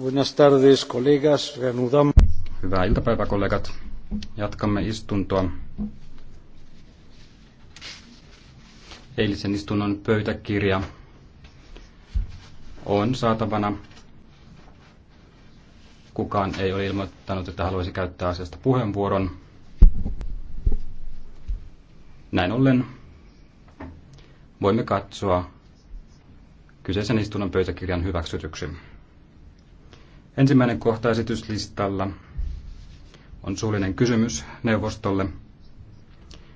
Buenas tardes, Hyvää iltapäivää, kollegat. Jatkamme istuntoa. Eilisen istunnon pöytäkirja on saatavana. Kukaan ei ole ilmoittanut, että haluaisi käyttää asiasta puheenvuoron. Näin ollen voimme katsoa kyseisen istunnon pöytäkirjan hyväksytyksi. Ensimmäinen kohta esityslistalla on suullinen kysymys neuvostolle